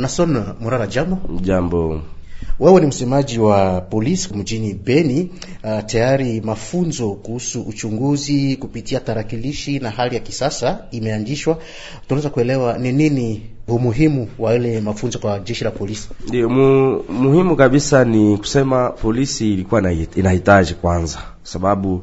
Nason murara jambo jambo. Wewe ni msemaji wa polisi mjini Beni. Uh, tayari mafunzo kuhusu uchunguzi kupitia tarakilishi na hali ya kisasa imeanzishwa. Tunaweza kuelewa ni nini umuhimu wa ile mafunzo kwa jeshi la polisi? Ndio, mu, muhimu kabisa ni kusema polisi ilikuwa na, inahitaji kwanza, sababu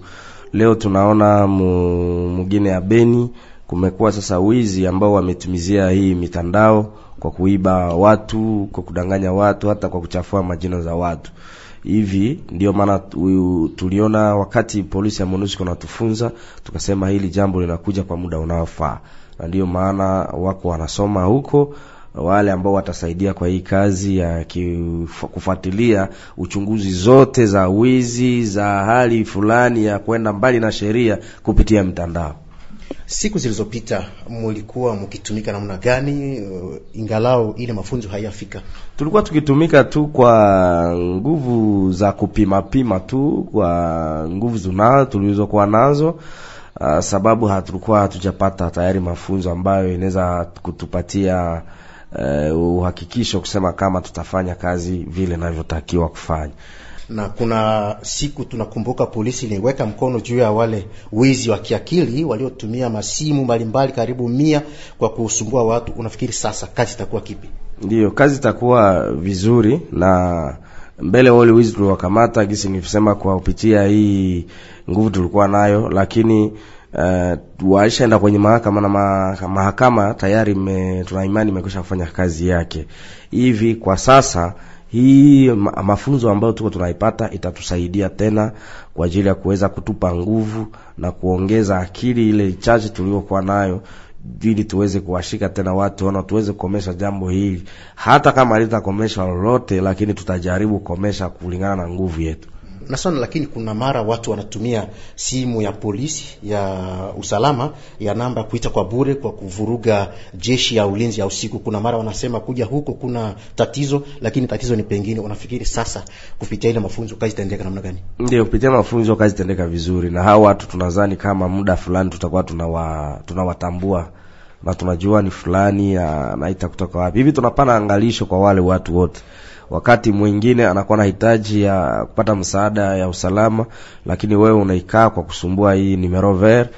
leo tunaona mugine ya Beni kumekuwa sasa wizi ambao wametumizia hii mitandao kwa kuiba watu, kwa kudanganya watu, hata kwa kuchafua majina za watu hivi ndio maana tuliona wakati polisi ya MONUSCO natufunza, tukasema hili jambo linakuja kwa muda unaofaa, na ndio maana wako wanasoma huko wale ambao watasaidia kwa hii kazi ya kufuatilia uchunguzi zote za wizi za hali fulani ya kwenda mbali na sheria kupitia mtandao. Siku zilizopita mulikuwa mkitumika namna gani, uh, ingalau ile mafunzo hayafika? Tulikuwa tukitumika tu kwa nguvu za kupimapima tu kwa nguvu zuna tulizokuwa nazo uh, sababu hatulikuwa hatujapata tayari mafunzo ambayo inaweza kutupatia uh, uhakikisho kusema kama tutafanya kazi vile inavyotakiwa kufanya na kuna siku tunakumbuka polisi iliweka mkono juu ya wale wizi wa kiakili waliotumia masimu mbalimbali karibu mia kwa kusumbua watu. Unafikiri sasa kazi itakuwa kipi? Ndiyo, kazi itakuwa vizuri na mbele wale wizi tuliwakamata gisi nilisema kwa kupitia hii nguvu tulikuwa nayo, lakini uh, eh, waishaenda kwenye mahakama na mahakama tayari tunaimani tuna imani imekwisha kufanya kazi yake hivi kwa sasa hii ma, mafunzo ambayo tuko tunaipata itatusaidia tena kwa ajili ya kuweza kutupa nguvu na kuongeza akili ile chache tuliyokuwa nayo ili tuweze kuwashika tena watu na tuweze kukomesha jambo hili, hata kama litakomesha lolote, lakini tutajaribu kukomesha kulingana na nguvu yetu na sana, lakini kuna mara watu wanatumia simu ya polisi ya usalama ya namba kuita kwa bure kwa kuvuruga jeshi ya ulinzi ya usiku. Kuna mara wanasema kuja huko kuna tatizo, lakini tatizo ni pengine. Unafikiri sasa kupitia ile mafunzo kazi itaendeka namna gani? Ndio, kupitia mafunzo kazi itaendeka vizuri, na hao watu tunadhani kama muda fulani tutakuwa tunawa tunawatambua na tunajua ni fulani anaita kutoka wapi hivi, tunapana angalisho kwa wale watu wote wakati mwingine anakuwa na hitaji ya kupata msaada ya usalama, lakini wewe unaikaa kwa kusumbua hii numero vert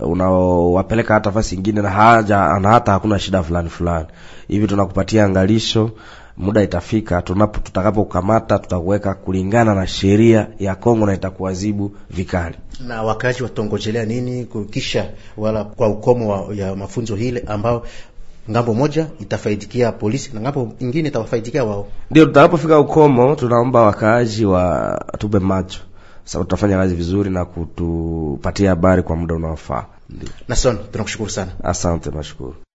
uh, unawapeleka hata fasi ingine na haja ana hata hakuna shida fulani fulani hivi. Tunakupatia angalisho, muda itafika tunapo tutakapokamata, tutakuweka kulingana na sheria ya Kongo na itakuadhibu vikali. Na wakati watongojelea nini kukisha wala kwa ukomo wa, ya mafunzo hile ambao ngambo moja itafaidikia polisi na ngambo ingine itawafaidikia wao. Ndio tutakapofika ukomo, tunaomba wakaaji wa tupe macho sababu tutafanya kazi vizuri na kutupatia habari kwa muda unaofaa. Ndio, Nason, tunakushukuru sana. Asante, nashukuru.